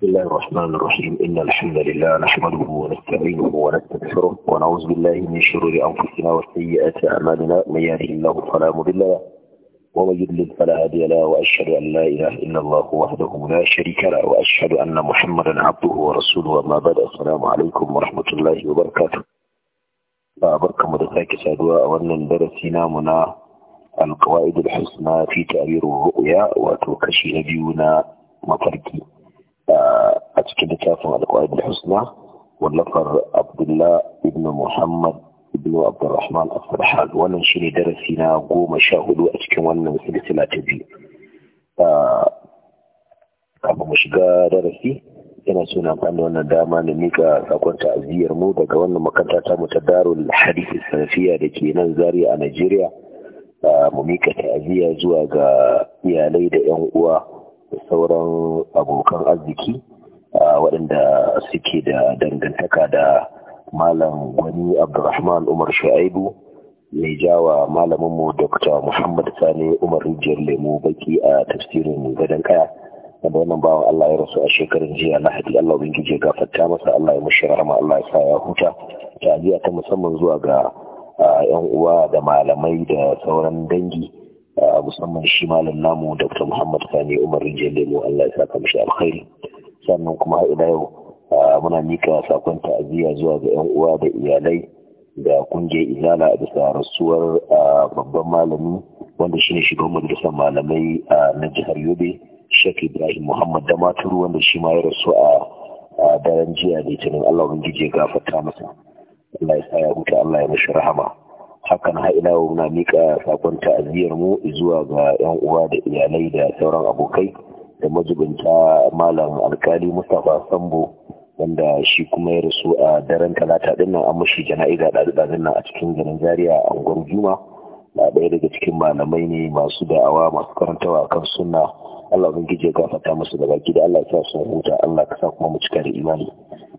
بسم الله الرحمن الرحيم إن الحمد لله نحمده ونستعينه ونستغفره ونعوذ بالله من شرور أنفسنا وسيئات أعمالنا من يهده الله فلا مضل له ومن يضلل فلا هادي له وأشهد أن لا إله إلا الله وحده لا شريك له وأشهد أن محمدا عبده ورسوله وما بعد السلام عليكم ورحمة الله وبركاته بارك الله فيك saduwa a wannan darasi namu na alkawaidul husna fi ta'birur ru'ya a cikin littafin alƙawar da husna wallafar abdullah ibn muhammad ibn abdurrahman al-farhan wannan shine darasi na goma sha hudu a cikin wannan silsila ta biyu kafin mu shiga darasi yana so na wannan dama na mika sakon ta'aziyyar mu daga wannan makaranta ta mu ta darul hadisi salafiya da ke nan zaria a najeriya mu mika ta'aziyya zuwa ga iyalai da yan uwa abokan arziki waɗanda suke da dangantaka da malam gwani abdulrahman umar shu'aibu mai jawa malaminmu dr muhammad sani umar rijiyar lemu baki a tafsirin gadon kaya wanda wannan bawan allah ya rasu a shekarun jiya lahadi allah ubangiji ya gafarta masa allah ya mushi rahama allah ya sa ya huta ta ta musamman zuwa ga yan uwa da malamai da sauran dangi Ah, musamman shi malam namu dr muhammad sani umar rijiyar lemo allah ya saka mashi alkhairi sannan kuma har ila yau ah, muna mika sakon ta'aziyya zuwa ga yan uwa da iyalai da kungiyar izala a bisa rasuwar ah, babban malami wanda shi ne shugaban majalisar malamai na jihar yobe Sheikh Ibrahim Muhammad da Maturu wanda shi ma ya rasu a daren jiya litinin Allah ubangiji ya gafarta masa Allah ya sa ya huta Allah ya mashi rahama hakan ha'ila muna miƙa sakon ta'aziyar mu zuwa ga yan uwa da iyalai da sauran abokai da majibinta malam alkali mustapha sambo wanda shi kuma ya rasu a daren talata din nan an mushi jana'iza da ɗazun nan a cikin garin zaria a unguwar juma na ɗaya daga cikin malamai ne masu da'awa masu karantawa kan sunna allah ubangiji ya gafarta musu da baki da allah ya sa sun huta allah ka sa kuma mu cika da imani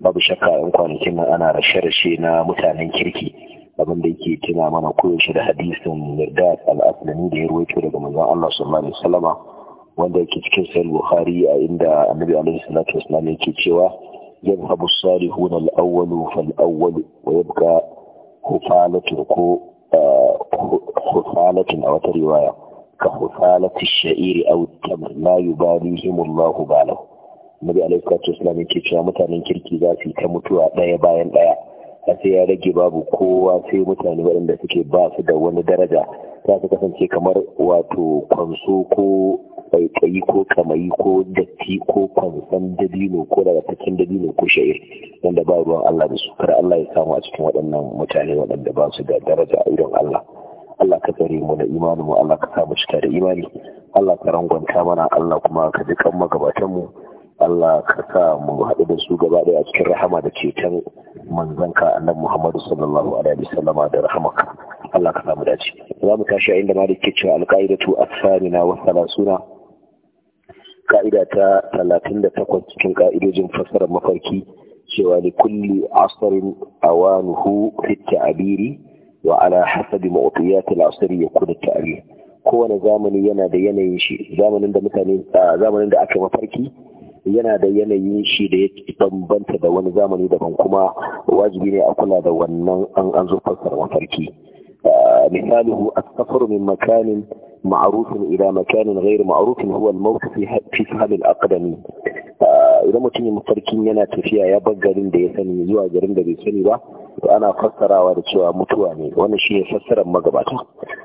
babu shakka yan kwanakin nan ana rashe-rashe na mutanen kirki abin da yake tuna mana koyaushe da hadisin Mirdad al-Aslami da ya ruwaito daga manzon Allah sallallahu alaihi wasallama wanda yake cikin sahih Bukhari a inda Annabi alaihi salatu wasallam yake cewa yadhhabu as-salihun al-awwalu fal-awwal wa yabqa hufalatu ko ah, hufalatin a wata riwaya ka hufalati ash-sha'iri aw at-tamr la yubalihim Allah balahu Annabi alaihi salatu wasallam yake cewa mutanen kirki za su ta mutuwa daya bayan daya a sai ya rage babu kowa sai mutane waɗanda suke ba su da wani daraja za su kasance kamar wato kwanso ko kwaikwayi ko kamayi ko datti ko kwanson dabino ko daga cikin dabino ko sha'ir wanda ba ruwan Allah da su kar Allah ya samu a cikin waɗannan mutane waɗanda ba su da daraja a idon Allah Allah ka tsare mu da imanin Allah ka sa mu cika da imani Allah ka rangwanta mana Allah kuma ka ji kan magabatan mu Allah ka sa mu haɗu da su gaba ɗaya a cikin rahama da ceton manzanka Annan Muhammadu sallallahu alaihi da rahamaka Allah ka samu dace za mu tashi a inda Malik ke cewa alqaidatu as-samina wa thalathuna ka'ida ta 38 cikin ka'idojin fassarar mafarki cewa li kulli asrin awanuhu fi ta'biri wa ala hasabi mu'tiyat al-asri yakun tabir kowane zamani yana da yanayin shi zamanin da mutane zamanin da aka mafarki yana da yanayin shi da ya bambanta da wani zamani daban kuma wajibi ne a kula da wannan an an zo fassara mafarki ah, misaluhu as-safaru min makanin ma'arufin ila makanin ghairu ma'arufin huwa al-mawt fi fi sahabil aqdami ah, idan mutum ya mafarkin yana tafiya ya bar garin da ya sani zuwa garin da bai sani ba to ana fassarawa da cewa mutuwa ne wannan shi ne fassarar magabata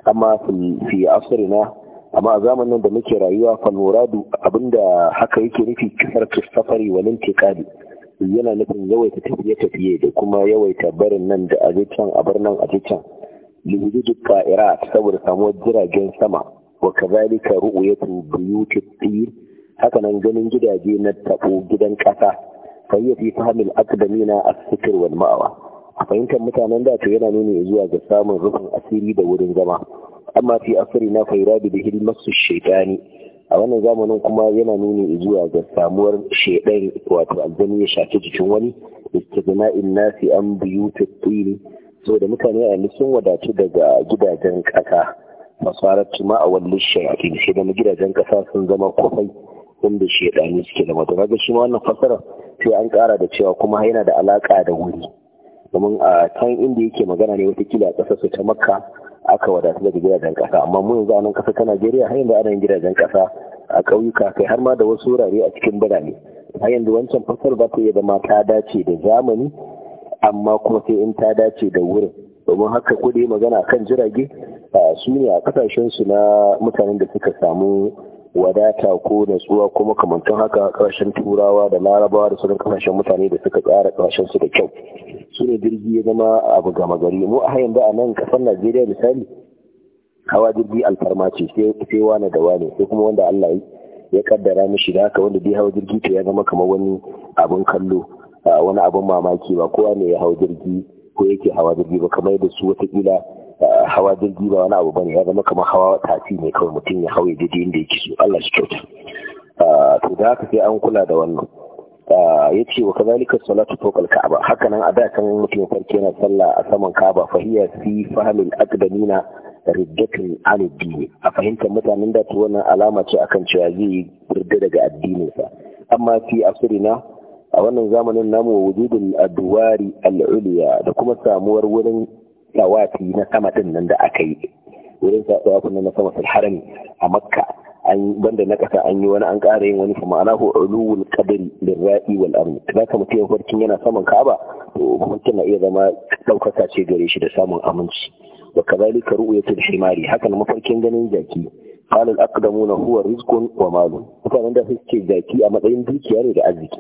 amma fi asrina amma a zamanin da muke rayuwa fal abin abinda haka yake nufi kasar safari wa lintiqali yana nufin yawaita tafiye-tafiye da kuma yawaita barin nan da aje can a bar nan aje can liwujudu qa'irat saboda samuwar jiragen sama wa kazalika ru'yatu buyuti tsir haka nan ganin gidaje na tabo gidan kasa fa hiya fi fahmil aqdamina as-sitr wal ma'wa fahimtar mutanen da to yana nuni zuwa ga samun rufin asiri da wurin zama amma fi asrina na rabi da da hilmasu shaitani a wannan zamanin kuma yana nuni zuwa ga samuwar shaidan wato aljani ya shafi jikin wani in nasi an buyutu so saboda mutane a sun wadatu daga gidajen ƙasa harattu ma a wallin shaidan sai da gidajen ƙasa sun zama kufai wanda shaidani suke da mata ga shi wannan fasara sai an ƙara da cewa kuma yana da alaƙa da wuri domin a can inda yake magana ne watakila a su ta makka aka wadatu daga gidajen kasa amma mun yanzu a nan kasa ta Najeriya har yanzu ana yin gidajen kasa a ƙauyuka kai har ma da wasu wurare a cikin birane har yanzu wancan fasar ba ta iya zama ta dace da zamani amma kuma sai in ta dace da wurin domin haka kudi magana kan jirage su ne a kasashen su na mutanen da suka samu wadata ko natsuwa ko makamantan haka ƙarshen turawa da larabawa da sauran ƙasashen mutane da suka tsara ƙarshen su da kyau su ne jirgi ya zama abu gama gari mu a da a nan ƙasar najeriya misali hawa jirgi alfarma ce sai wane da wane sai kuma wanda allah ya kaddara mishi da haka wanda bai hawa jirgi to ya zama kamar wani abun kallo wani abin mamaki ba kowa ne ya hau jirgi ko yake hawa jirgi ba kamar da su wata watakila hawa jirgi ba wani abu bane ya zama kamar hawa tafi ne kawai mutum ya hawa daidai inda yake so Allah shi kyauta ah, to da haka sai an kula da wannan ah, ya ce wa kazalika salatu fawqa al haka nan a da kan mutum farke na sallah a saman ka'aba fa hiya fi fahmil aqdamina riddatun an a fahimtar mutanen da to wannan alama ce akan cewa zai yi ridda daga addininsa amma fi asrina a wannan zamanin namu wujudul adwari al-ulya da kuma samuwar wurin tawafi na sama din nan da aka yi wurin tawafin na sama fil harami a makka an banda na kasa an yi wani an ƙara yin wani fa ma'ana hu ulul qadri lirra'i wal arni kaga ka mutum farkin yana saman ka'aba to mutum na iya zama ɗaukaka ce gare shi da samun aminci wa kazalika ru'yatul himari hakan mafarkin ganin jaki قال الأقدمون هو رزق ومال وكان ده في ذاتي أما دين ذكي يعني لأذك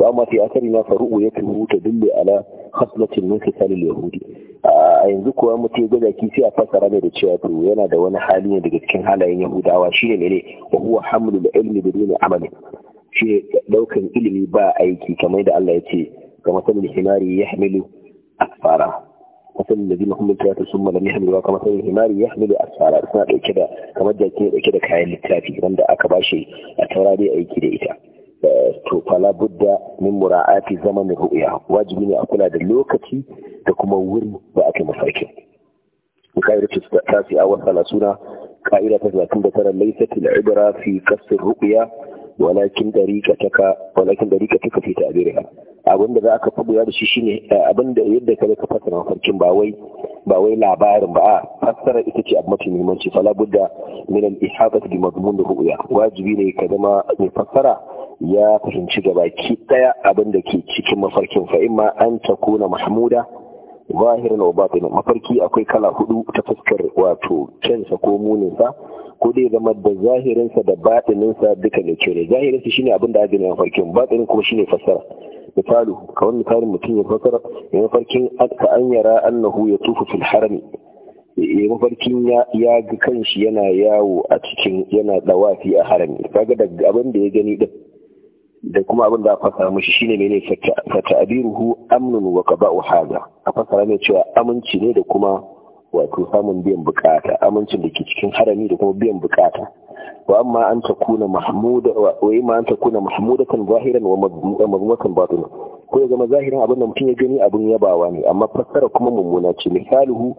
وأما في أثرنا فرؤيته تدل على خصلة من خصال اليهود ينزك ومتي ذاتي في أفسر أنا رتشاته ينا دون حاليا كان حالا يهود وشين إليه وهو حمل العلم بدون عمل شيء لو كان إلمي با أيكي كما يدعى الله يتي كما تقول الحماري يحمل أكفاره مثل الذين هم الكافر ثم kama يحملوا كما مثل الحمار يحمل اسفارا suna dauke da kamar jaki ne dauke da kayan littafi wanda aka bashi a taurari aiki da ita to fala budda min mura'ati zamanin ru'ya wajibi ne a kula da lokaci da kuma wuri da aka mafarkin ka'ida ta tasi a wasa la suna ka'ida ta 39 laysat al-ibra fi qasr ru'ya walakin dariqataka walakin dariqataka fi ta'biriha abin da za ka faɗuwa da shi shine eh, abin da yadda ka ka fassara mafarkin ba wai labarin ba a fassara ita ce abu mafi muhimmanci fala budda min al ihadati bi mazmun da ru'ya wajibi ne ka zama mai fassara ya fahimci gabaki daya abin da ke cikin mafarkin fa imma an takuna mahmuda zahirin wa batin mafarki akwai kala hudu ta fuskar wato kensa ko muninsa ko dai zama da zahirinsa da batininsa duka da kyau ne zahirinsa shine abin da ake mafarkin batinin kuma shine fassara misaluhu kamar misalin mutum ya fakar ya mafarkin aka an yara annahu ya tufu fil harami ya mafarkin ya ga kanshi yana yawo a cikin yana dawafi a harami kaga da abin da ya gani din da kuma abin da a fasara mushi shine mene fata'abiruhu amnun wa qada'u haja a fasara ne cewa aminci ne da kuma wato samun biyan bukata amincin da ke cikin harami da kuma biyan bukata wa amma an takuna mahmuda wa imma an takuna mahmudatan zahiran wa mazmumatan batina ko ya zama zahirin abin da mutum ya gani abin yabawa ne amma fassara kuma mummuna ce misaluhu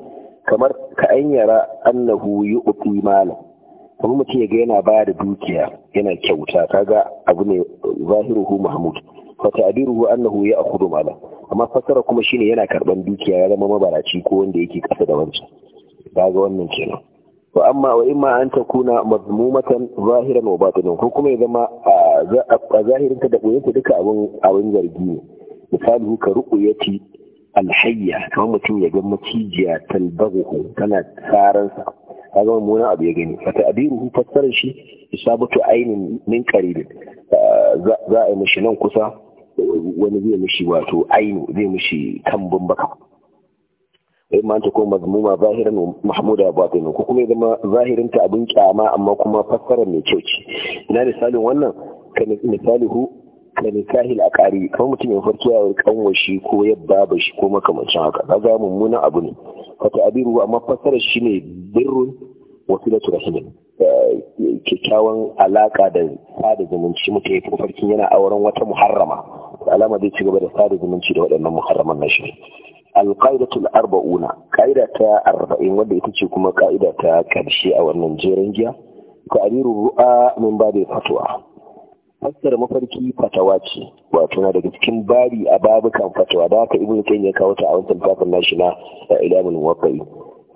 kamar ka an yara annahu yu'ti malan kuma mutum ya ga yana ba da dukiya yana kyauta kaga abu ne zahiruhu mahmud fa ta'diruhu annahu ya'khudhu malan amma fassara kuma shine yana karban dukiya ya zama mabaraci ko wanda yake kasa da wancan kaga wannan kenan wa amma wa imma an ta kuna mazmumatan zahiran wa batinin ko kuma ya zama a zahirin ta da koyanta duka abin abin zargi ne misali ka ci alhayya kamar mutum ya ga macijiya talbahu tana tsaransa ka zama munan abu ya gani fata abiruhu fassarar shi isabatu ainin min qaribin za a yi mishi nan kusa wani zai mishi wato ainu zai mishi kambun baka ma ta ko mazmuma zahiran mahmuda batinan ko kuma ya zama zahirin ta abin kyama amma kuma fassara mai kyau ce ina misalin wannan ka hu ka nikahil aqari kuma mutum ya farki ya kanwa shi ko ya baba shi ko makamancin haka kaga mummuna abu ne fata abiru amma fassara shi ne birrun wasilatu rahimin eh, kyakkyawan alaka da sada zumunci mutum ya farkin yana auren wata muharrama alama zai ci gaba da sada zumunci da waɗannan muharraman na shi alƙaidatul arba'una ƙa'ida ta arba'in wadda ita ce kuma ƙa'ida ta ƙarshe a wannan jerin giya ta'abiru ru'a min babu fatwa fassara mafarki fatawa ce wato na daga cikin bari a babukan fatawa da haka ibnu kayyim ya kawo ta a wancan tafin nashi na eh, ilamul muwaffa'i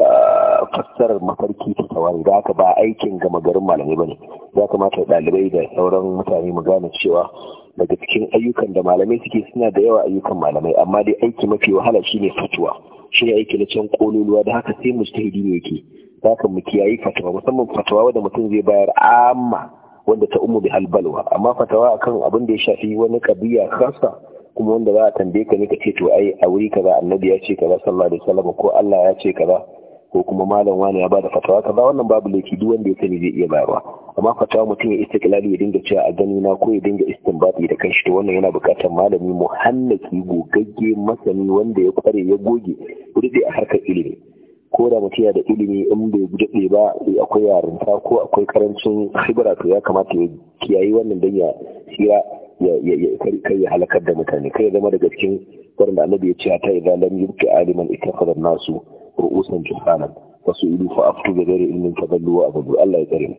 ah, fassarar mafarki fatawa ne da haka ba aikin gama garin malamai bane ya kamata ɗalibai da sauran mutane mu gane cewa daga cikin ayyukan da malamai suke suna da yawa ayyukan malamai amma dai aiki mafi wahala shine fatuwa shine aiki na can kololuwa da haka sai ta mujtahidi ne yake haka mu kiyayi fatuwa musamman fatuwa wanda mutum zai bayar amma wanda ta umu bi halbalwa amma fatawa akan abin da ya shafi wani kabiya kasa kuma wanda za a tambaye ka ne ka ce to ai a wuri kaza annabi ya ce kaza sallallahu alaihi wasallam ko Allah ya ce kaza ko kuma malam wani ya bada fatawa kaza wannan babu laifi duk wanda ya sani zai iya bayarwa amma fatawa mutum ya istiklali ya dinga cewa a gani na ko ya dinga istinbati da kanshi to wannan yana bukatar malami muhallaki gogagge masani wanda ya kware ya goge rufe a harkar ilimi ko da mutum ya da ilimi in bai daɗe ba akwai yarinta ko akwai karancin hibira to ya kamata ya kiyaye wannan dan ya tsira ya kai ya halakar da mutane kai ya zama daga cikin wanda annabi ya ce ta idan lam yubqi aliman ittakhadha nasu ru'usan juhalan wasu ilu fa aftu bi ghairi ilmin tadallu wa abdu Allah ya kare mu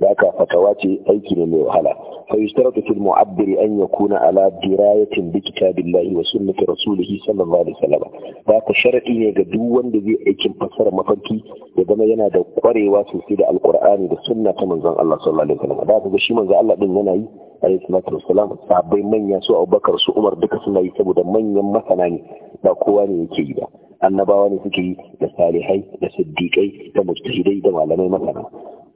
haka fatawa ce aiki ne mai wahala fa yushtaratu fil mu'abbir an yakuna ala dirayatin bi kitabillahi wa sunnati rasulih sallallahu alaihi wasallam ba ka sharadi ne ga duk wanda zai aikin fasara mafarki ya zama yana da ƙwarewa sosai da alqur'ani da sunna ta manzon Allah sallallahu alaihi ba ka shi manzon Allah din yana yi alaihi salatu wassalam sabai manya su Abubakar su Umar duka suna yi saboda manyan masana ne ba kowa ne yake yi ba annabawa ne suke yi da salihai da siddiqai da mujtahidai da malamai masana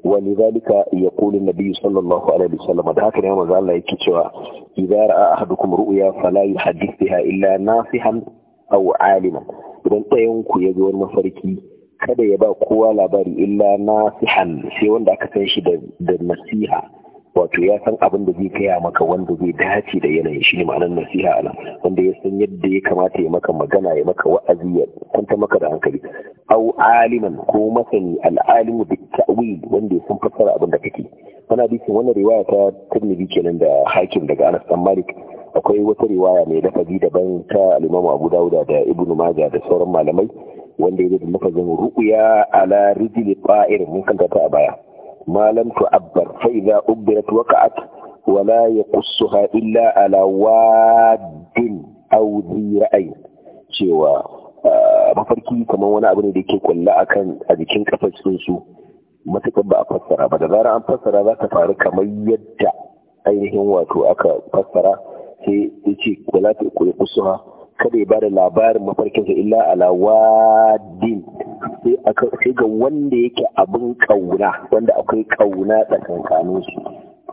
wani zalika ya kulin nabi sallallahu alaihi wasallam da haka ne manzo Allah yake cewa idza ra'a ahadukum ru'ya fala yuhaddith biha illa nasihan aw aliman idan ɗayan ku ya wani mafarki kada ya ba kowa labari illa nasihan sai wanda aka san shi da nasiha wato ya san abin da zai gaya maka wanda zai dace da yanayin shi ne ma'anar nasiha ala wanda ya san yadda ya kamata ya maka magana ya maka wa'azi ya kwanta maka da hankali au aliman ko masani al'alimu da ta'wil wanda ya san fassara abin da kake wannan hadisin wannan riwaya ta Tirmidhi kenan da Hakim daga Anas dan Malik akwai wata riwaya mai lafazi daban ta al-Imam Abu Dawud da Ibn Majah da sauran malamai wanda ya da mafazin ru'ya ala rijli qa'ir mun kanta ta a baya ما لم تعبر فإذا أبرت وقعت ولا يقصها إلا على واد أو ذي رأي سوى آه، مفركي كما وانا أبني ديكيك ولا أكن أجيكين كفاك سنسو ما تكبع أفسرا بعد ذارا أن فسرا ذا تفارك ما يدع أينهم واتو أكا فسرا في إيشيك ولا تقول يقصها kada ya ba da labarin mafarkinsa illa ala sai ga wanda yake abin kauna wanda akwai kauna tsakankanin su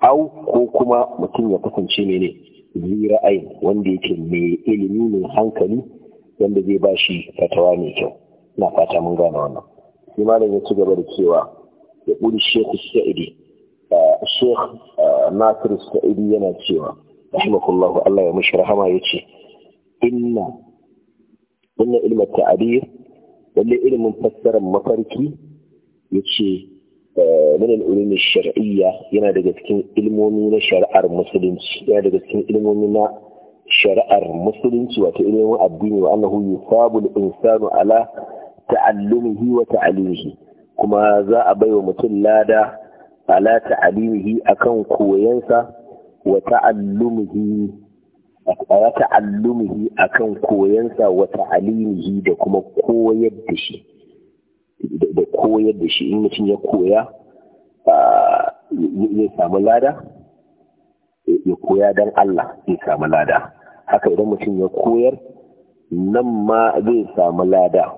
au ko kuma mutum ya kasance ne ne zira'ayin wanda yake mai ilimi mai hankali wanda zai ba shi fatawa mai kyau na fata mun gane wannan sai malam ya ci gaba da cewa ya buri shehu sa'idi shekh Nasiru sa'idi yana cewa rahimakullahu allah ya mushi rahama ya ce inna inna ilmin ta'abir lalle ilimin fassarar mafarki yace eh, min al shariyya yana daga cikin ilmomi na shari'ar musulunci yana daga cikin ilmomi na shari'ar musulunci wato ilimin addini wa annahu yusabu insanu ala ta'allumihi wa ta'alimihi kuma za a baiwa mutum lada ala ta'alimihi akan koyansa wa ta'allumihi wa ta'allumihi akan koyansa wa ta'alimihi da kuma koyar da shi da koyar da shi in mutum ya koya ya samu lada ya koya don Allah zai samu lada haka idan mutum ya koyar nan ma zai samu lada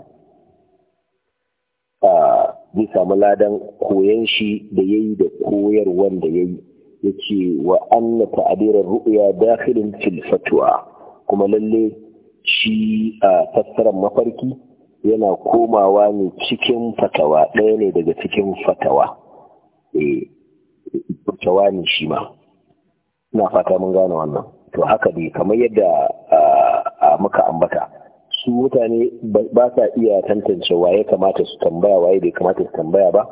zai samu ladan koyan shi da ya yi da koyar wanda ya yi Yake wa anna ta'dirar ru'ya dakhilin fil fatwa kuma lalle shi a fassarar mafarki yana komawa ne cikin fatawa ɗaya ne daga cikin fatawa eh fatawa ne shi ma ina fata mun gane wannan to haka dai kamar yadda muka ambata su mutane ba sa iya tantance waye kamata su tambaya waye bai kamata su tambaya ba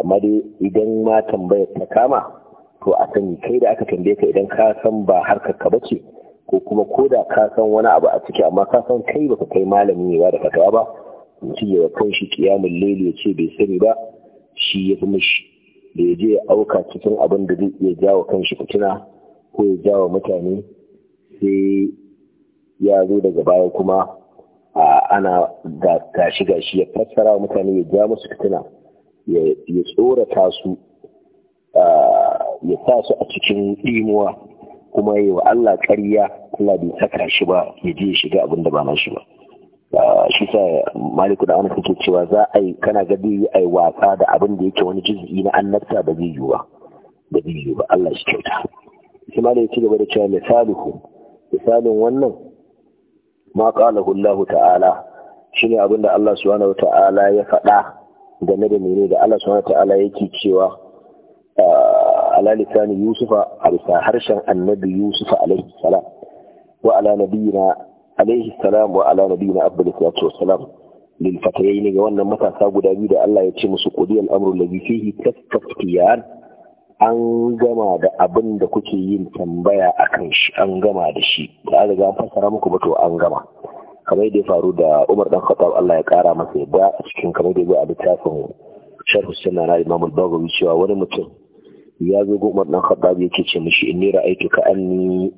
amma dai idan ma tambayar ta kama to a sani kai da aka tambaye ka idan ka san ba harkar ka bace ko kuma ko da ka san wani abu a ciki amma ka san kai baka kai malami ne ba da fatawa ba mutum yawa kan shi kiyamun lele ya ce bai sani ba shi ya fi mishi da ya je ya auka cikin abin da zai iya jawo shi fitina ko ya jawo mutane sai ya zo daga baya kuma ana gashi gashi ya fassara wa mutane ya ja musu fitina ya tsorata su ya sa su a cikin ɗimuwa kuma yi wa Allah ƙarya Allah bai saka shi ba ya je shiga abin da ba na shi ba ah, shi sa maliku da ana suke cewa za a yi kana ga zai yi wasa da abin da yake wani jizgi na annabta da zai yi ba da zai yi ba Allah shi kyauta shi ma da ya ci gaba da cewa misaluhu misalin wannan ma ƙala Allah ta'ala shine abin da Allah subhanahu ta'ala ya faɗa game da menene da Allah subhanahu ta'ala yake cewa ah, ala lisan yusufa a bisa harshen annabi yusufa alaihi salam wa ala nabiyina alaihi salam wa ala nabiyina abdul salatu salam lil fatayaini ga wannan matasa guda biyu da Allah ya ce musu qudi al amru allazi fihi tastaftiyan an gama da abin da kuke yin tambaya akan shi an gama da shi da an riga fassara muku ba to an gama kamar da ya faru da Umar dan Khattab Allah ya kara masa yadda a cikin kamar da ya a littafin sharh sunna na Imam al-Baghawi cewa wani mutum ya zo ga Umar dan Khattab yake ce mishi inni ra'aytu ka anni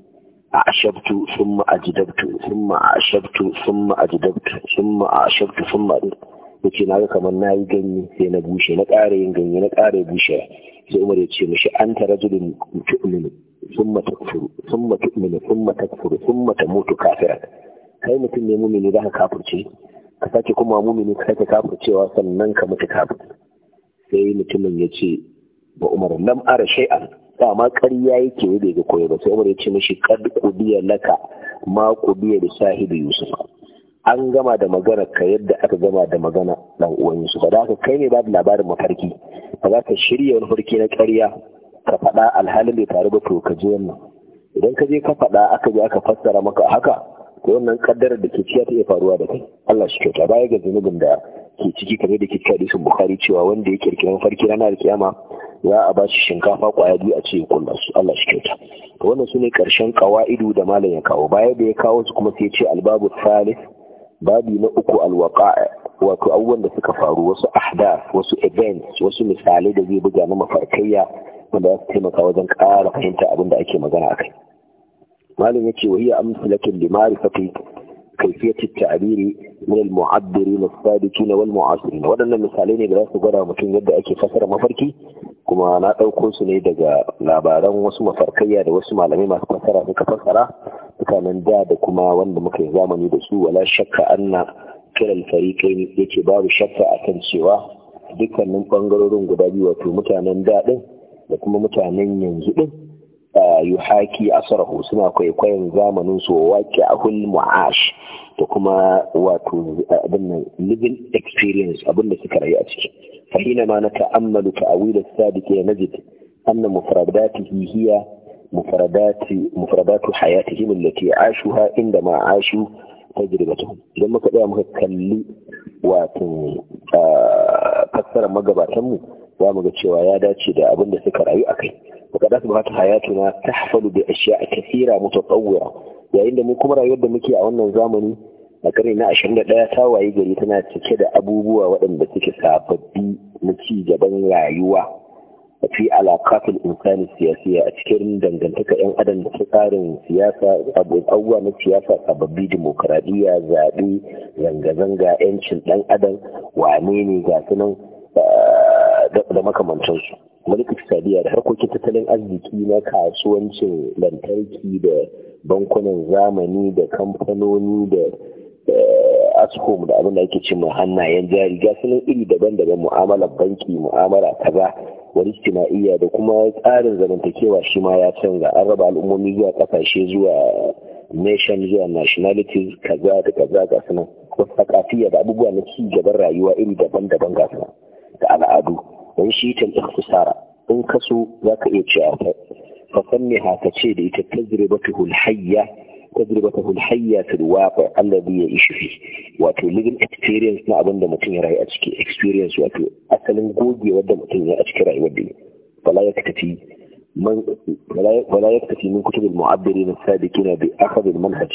ashabtu thumma ajdabtu thumma ashabtu thumma ajdabtu thumma ashabtu thumma yace na ga kamar nayi ganye sai na bushe na ƙara yin ganye na ƙara bushe sai Umar ya ce mishi tara jirin tu'minu thumma takfuru sun tu'minu thumma takfuru thumma tamutu kafiran kai mutum ne mumini zaka kafirce ka sake kuma mumini ka sake kafircewa sannan ka mutu kafir sai mutumin ya ce ba umar lam ara shay'an dama ƙarya yake bai ga koyo ba sai umar ya ce mishi kad qudiya laka ma qudiya da sahibi yusuf an gama da magana ka yadda aka gama da magana dan uwan yusuf da aka kai ne ba da labarin mafarki ba za ka shirya wani farki na karya ka faɗa alhalin da tare ba to ka je wannan idan ka je ka faɗa aka je aka fassara maka haka ko wannan kaddarar da ke ciya ta iya faruwa da kai Allah shi kyauta baya ga zunubin da ke ciki kamar da ke cikin bukhari cewa wanda ya kirkiri mafarki ranar kiyama za a ba shi shinkafa kwaya biyu a cikin kulla su Allah shi kyauta to wannan su ne karshen kawa'idu da malam ya kawo baya da ya kawo su kuma sai ya ce albabu thalith babi na uku alwaqa'a wato abubuwan da suka faru wasu ahda, wasu events wasu misalai da zai buga na mafarkayya wanda za su taimaka wajen ƙara fahimta abin da ake magana akai malam ya ce wa hiya amsalatu lima'rifati kayfiyati at-ta'biri من المعبرين الصادقين والمعاصرين waɗannan misalai ne da za su gwada mutum yadda ake fasara mafarki kuma na ɗauko su ne daga labaran wasu mafarkaiya da wasu malamai masu fasara suka fasara mutanen da da kuma wanda muka yi zamani da su wala shakka anna kiral fariqaini yake babu shakka akan cewa dukkanin bangarorin guda biyu wato mutanen da din da kuma mutanen yanzu din yuhaki asarahu suna kwaikwayon zamanin su wake ahul mu'ash da kuma wato abin living experience abin da suka rayu a ciki fahina ma na ta'ammalu ta'awil as-sadiq ya najid anna mufradatihi hiya mufradati mufradatu hayatihim allati ashuha inda ma ashu tajribatuhum idan muka tsaya muka kalli wato fassarar magabatan mu za mu ga cewa ya dace da abin da suka rayu kai. وقد أصبحت حياتنا تحفل بأشياء كثيرة متطورة yayin da mu kuma rayuwar da muke a wannan zamani a karni na 21 ta waye gari tana cike da abubuwa waɗanda suke sababbi na ci gaban rayuwa a fi alaƙatul insani siyasiya a cikin dangantaka 'yan adam da tsarin siyasa abubuwa na siyasa sababbi dimokuraɗiyya zaɓe zanga-zanga 'yancin ɗan adam wane ne ga sunan ah, da makamantansu wani Sadiya, da harkokin tattalin arziki na kasuwancin lantarki da bankunan zamani da kamfanoni da askom da abin da ake ce mai hannayen jari gasunan iri daban-daban mu'amalar banki mu'amala kaza wani istima'iyya da kuma tsarin zamantakewa shi ma ya canza an raba al'ummomi zuwa kasashe zuwa nation zuwa nationalities kaza da kaza ga wasu da abubuwa na ci gaban rayuwa iri daban-daban gasunan da al'adu in shi kan ikhtisara in ka so za ka iya cewa fa fa sanniha ka ce da ita tajribatuhu al-hayya tajribatuhu al-hayya fi al-waqi alladhi ya'ishu fi wato living experience na abinda mutum ya rayu a ciki experience wato asalin gogewar da mutum ya a cikin rayuwar da fala yaktafi من ولا يكتفي من كتب المعبرين السابقين بأخذ المنهج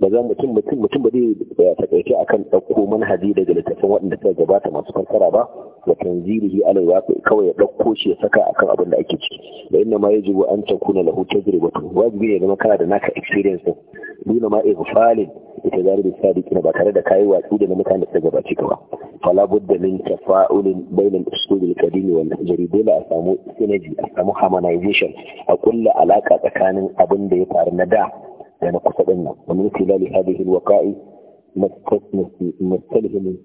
ba za mutum mutum mutum ba zai takaice akan ɗauko manhaji daga littattafan waɗanda suka gabata masu fassara ba wa tanzilihi alal waqi kawai ya ɗauko shi ya saka akan abin da ake ciki da inna ma yajibu an takuna lahu tajribatu wajibi ne zama kana da naka experience din duna ma ihfalin ita zaribi sadiqina ba tare da kayi watsi da mutane da suka gabace ka ba fala budda min tafa'ulin bainal usulil qadimi wal jadid dole a samu synergy a samu harmonization a kulla alaka tsakanin abin da ya faru na da يعني قصدنا ومن خلال هذه الوقائع نستلهم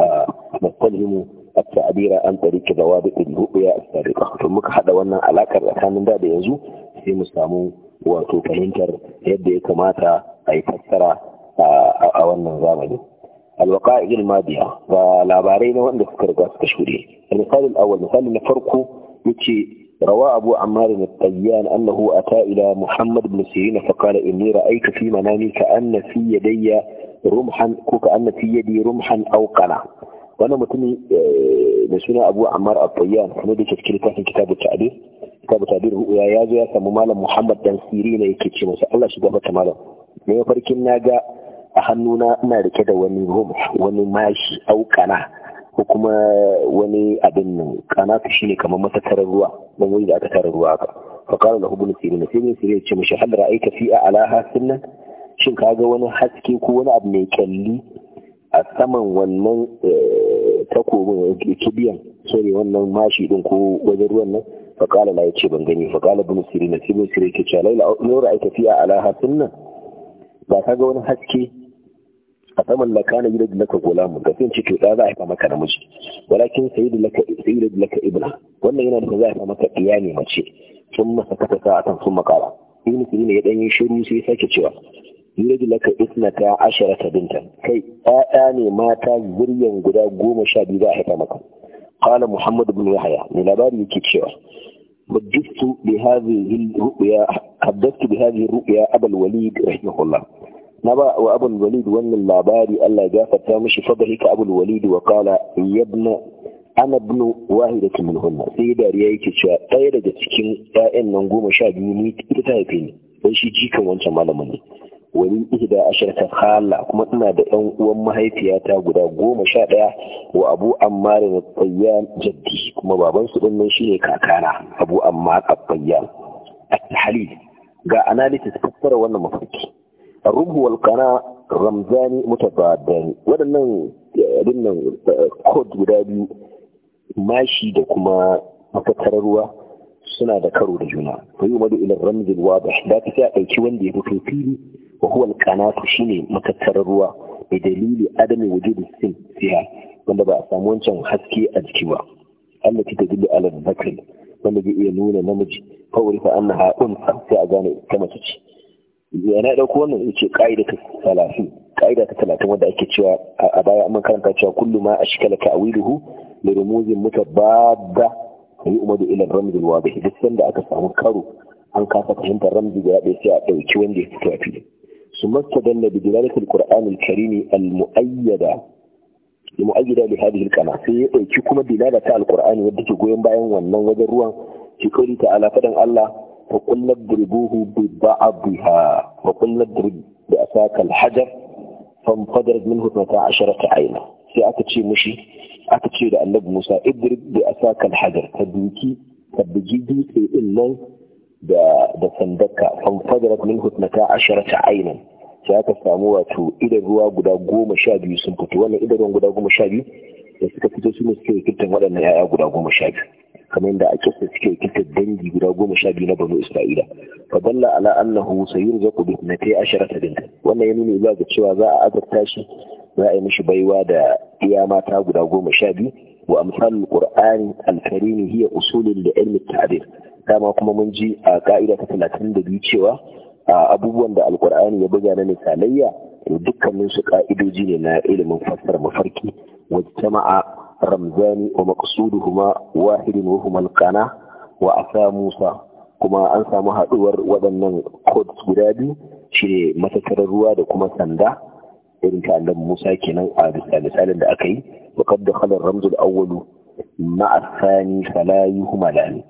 آه، نستلهم التعبير عن طريق ضوابط الرؤيا السابقة ثم كحد wannan alakar tsakanin da da yanzu sai mu samu wato fahimtar yadda ya kamata a yi الوقائع الماضية فلا بارين وأن ذكر قاس كشوري المثال الأول مثال نفرقه يتي روى أبو عمار الطيان أنه أتى إلى محمد بن سيرين فقال إني رأيت في منامي كأن في يدي رمحا كأن في يدي رمحا أو قلع وأنا متني نسونا أبو عمار الطيان نودي تذكير في كتاب التعبير كتاب التعبير هو يا زيا مالا محمد بن سيرين يكتشي مسا الله شبابا كمالا ne farkin naga a hannuna ina rike da wani rumh wani mashi au kana ko kuma wani abin nan kanatu shine kamar matattarar ruwa don wani da aka tara ruwa ka fa qala lahu ibn sirin sai ibn sirin ya ce mushi hal ra'aita fi alaha sunnan shin ka ga wani haske ko wani abu mai kalli a saman wannan eh, takobin eh, kibiyan sore wannan mashi din ko wajen ruwan nan fa qala la yace ban gani fa qala ibn sirin sai ibn sirin ya ce laila nura ra'aita fi alaha sunnan ba ka ga wani haske فمن كان يريد لك غلام كفين شي تو za a haifa maka namiji walakin sayyidu laka laka ibna wannan yana da za a haifa maka iya ne mace sun masa kata sa'atan sun makara ibn sirin ya dan yi shiru sai sake cewa yuridu laka isnata ta binta kai ƴaƴa ne mata zuryan guda goma sha biyu za a haifa maka qala muhammad ibn yahya ne labari yake cewa حدثت بهذه الرؤيا حدثت بهذه الرؤيا ابا الوليد رحمه الله na ba wa abul walid wannan labari Allah ya fata mishi ka abul walid wa qala yabna ana ibn wahidati min hunna sai dariya yake cewa ɗaya daga cikin ƴaƴan nan goma sha biyu ni ita ta haife ni dan shi jikan wancan malamin ne wani ihda asharta khala kuma ina da ɗan uwan mahaifiyata guda goma sha ɗaya wa abu ammar na tsayyan jaddi kuma baban su din nan shine kakana abu ammar abbayyan at halil ga analysis fassara wannan mafarki الرمه والقناع ramzani متضادان waɗannan dinnan eh, kod eh, guda biyu mashi da kuma matattarar ruwa suna da karo da juna fa yi madu ila ramzin wada da ta sa ɗauki wanda ya fito fili wa huwa alqanatu shine matattarar ruwa da dalili adami wujudi sin fiha wanda ba a samu wancan haske a jiki ba Allah ta dubi alal zakri wanda zai iya nuna namiji fa urifa annaha unsa sai a gane ta ce yana ɗauko wannan ya ce ƙa'ida ta talatin ƙa'ida ta talatin wanda ake cewa a baya an karanta cewa kullum ma a shikala ka awiluhu da rumuzin da yi umadu ilan ramzin wa bai duk sanda aka samu karo an kasa fahimtar ramzi da yaɗe sai a ɗauki wanda ya fito a fili su masta danna bi dilalatul qur'anil karimi al muayyada kuma لهذه القناة في كما دلالة القرآن ودك bayan wannan wajen ruwan في قوله تعالى فدن Allah. wa qul ladribuhu bi ba'dha wa qul ladrib bi asaka al-hajar fanfadarat minhu 12 sai aka ce da annabi Musa idrib bi asaka al-hajar ka duki ka bugi dutse din nan da da sandaka fanfadarat minhu 12 ayna sai aka samu wato idan ruwa guda goma sha biyu sun fito wannan idan ruwan guda goma sha biyu da suka fito su suke wakiltar waɗannan 'ya'ya guda goma sha biyu kamar da a kisa suke kisa dangi guda goma sha biyu na banu isra'ila fa dalla ala annahu Zaku bi ithnatay ta wannan ya nuna zuwa ga cewa za a azabta shi za a yi mishi baiwa da iya mata guda goma sha biyu wa amsal qur'ani al-karim hiya usulun da ilmi ta'bir dama kuma mun ji a ka'ida ta talatin da biyu cewa abubuwan da alkur'ani ya buga na misalayya dukkaninsu dukkanin su ka'idoji ne na ilimin fassara mafarki wa jama'a ramzani wa maqsuduhuma wahidin wa huma alqana wa asa musa kuma an samu haɗuwar waɗannan codes guda biyu shine matattarar ruwa da kuma sanda irin ta annabi Musa kenan a misalin da aka yi wa qad dakhala ar-ramzu al-awwal ma'a ath-thani fala yuhmalani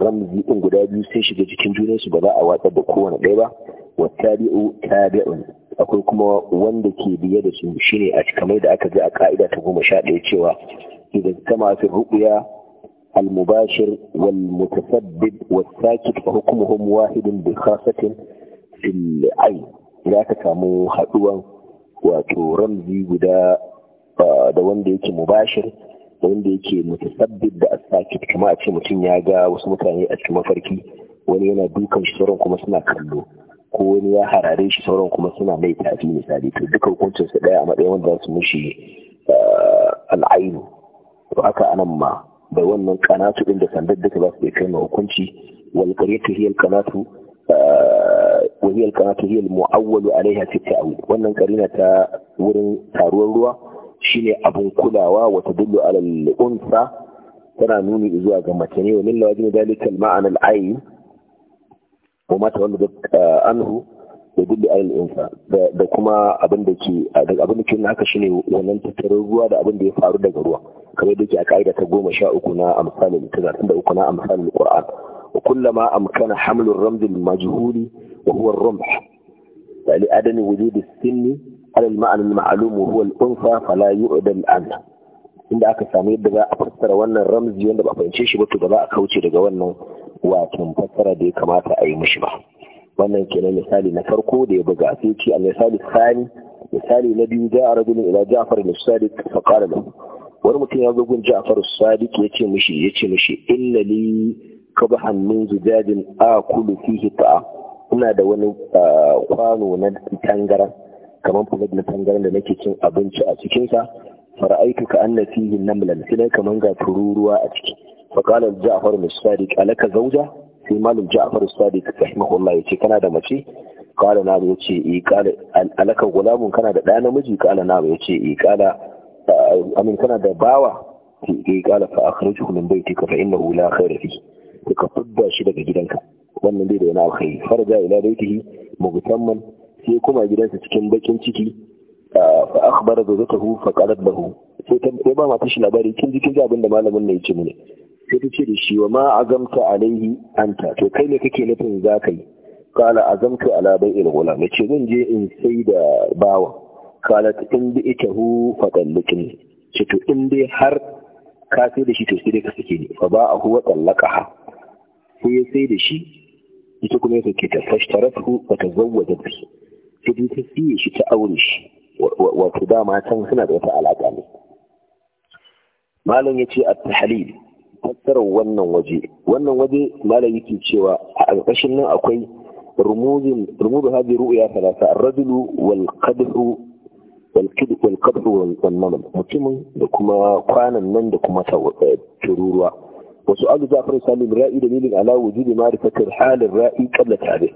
ramzi din guda biyu sai shiga cikin junansu ba za a watsar da kowane ɗaya ba wa tabi'u tabi'un akwai kuma wanda ke biye da su shine a kamar da aka ji a ka'ida ta goma sha ɗaya cewa idan kama fi ruqya المباشر والمتسبب والساكت فحكمهم واحد بخاصة في العين za ka samu haɗuwan wato ramzi guda da wanda yake mubashir da wanda yake mutasabbib da asakit kama a ce mutum ya ga wasu mutane a cikin mafarki wani yana dukan shi sauran kuma suna kallo ko wani ya harare shi sauran kuma suna mai tafi misali to duka hukuncin su daya a matsayin wanda za su mushi eh, al'ainu to haka anan ma bai wannan kanatu din da sandar duka za su kai ma hukunci wal qaryatu hiya al qanatu eh, wa hiya al qanatu hiya al mu'awwalu alaiha fi ta'wil wannan karina ta wurin taruwar ruwa shine abun kulawa wa tadullu ala al unsa tana nuni zuwa ga mace ne wa lillahi dalika al ma'ana al ayn ko mata wanda duk eh, anhu da dubbi alal insa da kuma abin da ke abin da ke nuna haka shine wannan tattarin ruwa da abin da ya faru daga ruwa kamar da ke a ka'ida ta goma sha uku na amsalin ta zatin da uku na amsalin qur'an wa kullama amkana hamlur ramzil majhuli wa huwa ar-ramh li adani wujudi sinni ala al-ma'na al-ma'lum wa huwa al-unsa fala yu'dal an inda aka samu yadda za a fassara wannan ramzi wanda ba fahimce shi ba to ba za a kauce daga wannan wato fassara da ya kamata a yi mishi ba wannan kenan misali na farko da ya buga sai ce a misali sani misali na biyu za a ila ja'far bin sadiq fa qala lahu wani mutum ya ga gun ja'far sadiq ya ce mishi ya ce mishi inna li kabahan min zujajin akulu fihi 'A'. ina da wani ah, kwano na tangaran kamar fulad na tangaran da nake cin abinci a cikinsa fara'aitu ka anna fihi namlan sai kamar ga tururuwa a ciki فقال الجعفر الصادق لك زوجة sai malam الجعفر الصادق رحمه yace kana da mace مجي na نعم يتي kala قال gulamun kana da ɗa namiji مجي na نعم يتي kala قال kana da bawa eh kala قال akhrijuhu min بيتك fa لا خير فيه فقد ka fudda shi daga gidanka wannan bai da wani alkhairi farja ila mu mugtamman sai kuma gidansa cikin bakin ciki fa akhbara zawjatahu fa qalat lahu sai ta ba ma tashi labari kin ji kin ji abin da malamin ne mu sai ta ce da shi wa ma azamta alaihi anta to kai ne kake nufin za ka yi kala azamtu ala bai'il gulam ce zan je in sai da bawa kala in bi ita hu tallikin ce to in dai har ka sai da shi to sai dai ka sake ni fa ba'ahu wa ha ko ya sai da shi ita kuma ya sake ta fashtaratu wa tazawwajat bi sai ta siye shi ta aure shi wato dama can suna da wata alaƙa ne malam a at-tahlil fassarar wannan waje wannan waje malam yake cewa a ƙarƙashin nan akwai rumuzin rumuzu hadhihi ru'ya thalatha ar-rajulu wal qadhu wal mutumin da kuma kwanan nan da kuma eh, tururuwa wasu abu jafar salim ra'i dalilin ala wujudi ma'rifatar halin ra'i kalla tare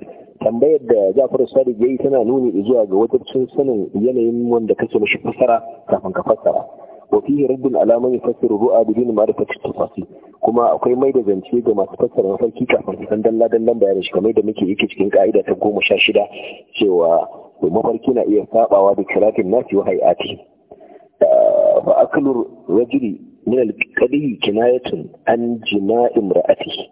tambayar da jafar salim yayi tana nuni zuwa ga wajen sanin yanayin wanda kake mashi fasara kafin ka fassara wa fihi raddun ala man yufassiru ru'a bi dini ma'rifati tafasil kuma akwai mai da zance ga masu fassara mafarki kafin san dalla dallan bayanin shi kamar da muke yake cikin ƙa'ida ta goma sha shida cewa mafarki na iya sabawa da kirafin nasi wa hay'ati ah, fa aklu rajuli min al-qadihi kinayatun an jima'i imra'atihi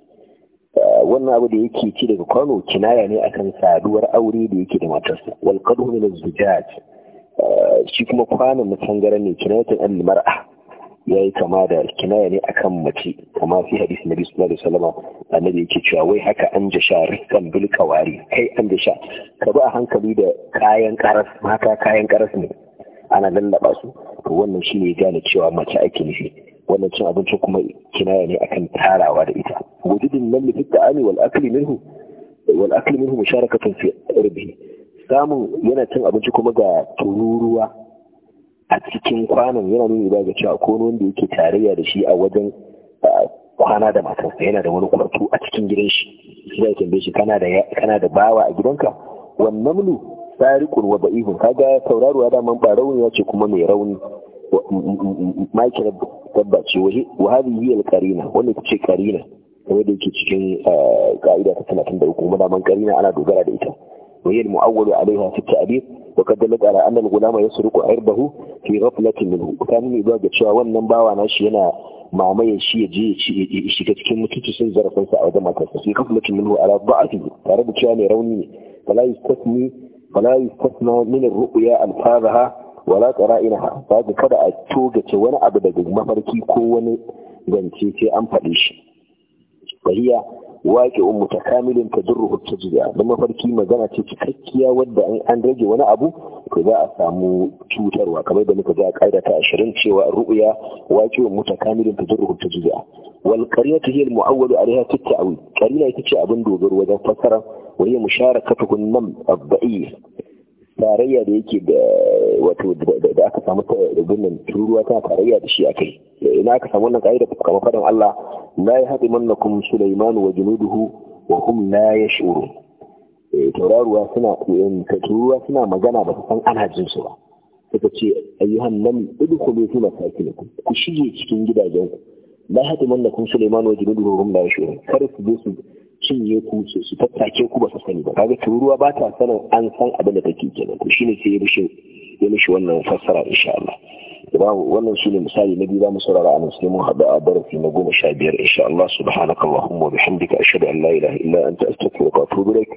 ah, wannan abu da yake ci daga kwano kinaya ne akan saduwar aure da yake da matarsa wal qadhu min az shi kuma kwanan na ne kinayatun an mar'a ya yi kama da kinaya ne akan mace kuma fi hadisi nabi sallallahu alaihi wasallam annabi yake cewa wai haka an sha rikan bil kai an sha!" ka bi a hankali da kayan karas mata kayan karas ne ana lallaba su to wannan shine gane cewa mace ake nufi wannan cin abinci kuma kinaya ne akan tarawa da ita wujudin nan fi ta'ami wal akli minhu wal akli minhu musharakatun fi irbihi samun yana cin abinci kuma ga tururuwa a cikin kwanan yana nuna ga cewa ko wanda yake tarayya da shi a wajen kwana da matarsa yana da wani kwarto a cikin gidan shi shi zai tambaye shi kana da bawa a gidanka wannan mulu kurwa ba ihun kaga tauraruwa da ba barauni ya ce kuma mai rauni makira babba ce wa hadhihi al-qarina wanda ce karina wanda yake cikin ka'ida ta 33 kuma da man karina ana dogara da ita وهي المعول عليها في التعبير وقد دلت على أن الغلام يسرق عرضه في غفلة منه وكان يبقى cewa wannan bawa nashi yana mamaye shi ya je ya shiga cikin mutunci sun zarafin sa a wajen matarsa sai gaflatin minhu ala da'afi tare da cewa mai rauni ne fala yastasni fala yastasna min ar-ru'ya alfazaha wala qara'inaha kaga kada a togace wani abu daga mafarki ko wani zance an shi fahiya واقع متكامل تدره التجزئة لما فرقي ما جنا تتكيا ود أن رجي وأنا أبو كذا أسامو تويتر وكما يبدو كذا كأيدا تأشرن شيء ورؤيا واقع متكامل تدره التجزئة والقرية هي المعول عليها تتعوي قرية تتعبن دور وجه وهي مشاركة النم الضعيف tarayya da yake da wato da aka samu rubin turuwa ta tarayya da shi a kai ina aka samu wannan da kamar faɗin Allah la yahdimannakum Sulaiman wa junuduhu wa hum la yash'urun eh, tauraruwa suna turuwa suna magana ba san ana jin su ba suka ce ayyuhan nam idkhulu fi masakinikum ku shige cikin gidajenku la yahdimannakum Sulaiman wa junuduhu wa hum la yash'urun kar su je su cinye ku su su tattake ku ba su sani ba kaga tururuwa ba ta sanin an san abin da take kenan to shine sai ya mishi ya mishi wannan fassara insha Allah babu wannan shine misali na biyu zamu saurara a musulmi, mun haɗu a darasi na goma sha biyar insha Allah subhanakallahumma wa bihamdika ashhadu an la ilaha illa anta astaghfiruka wa atubu ilaik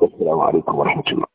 assalamu alaikum wa rahmatullah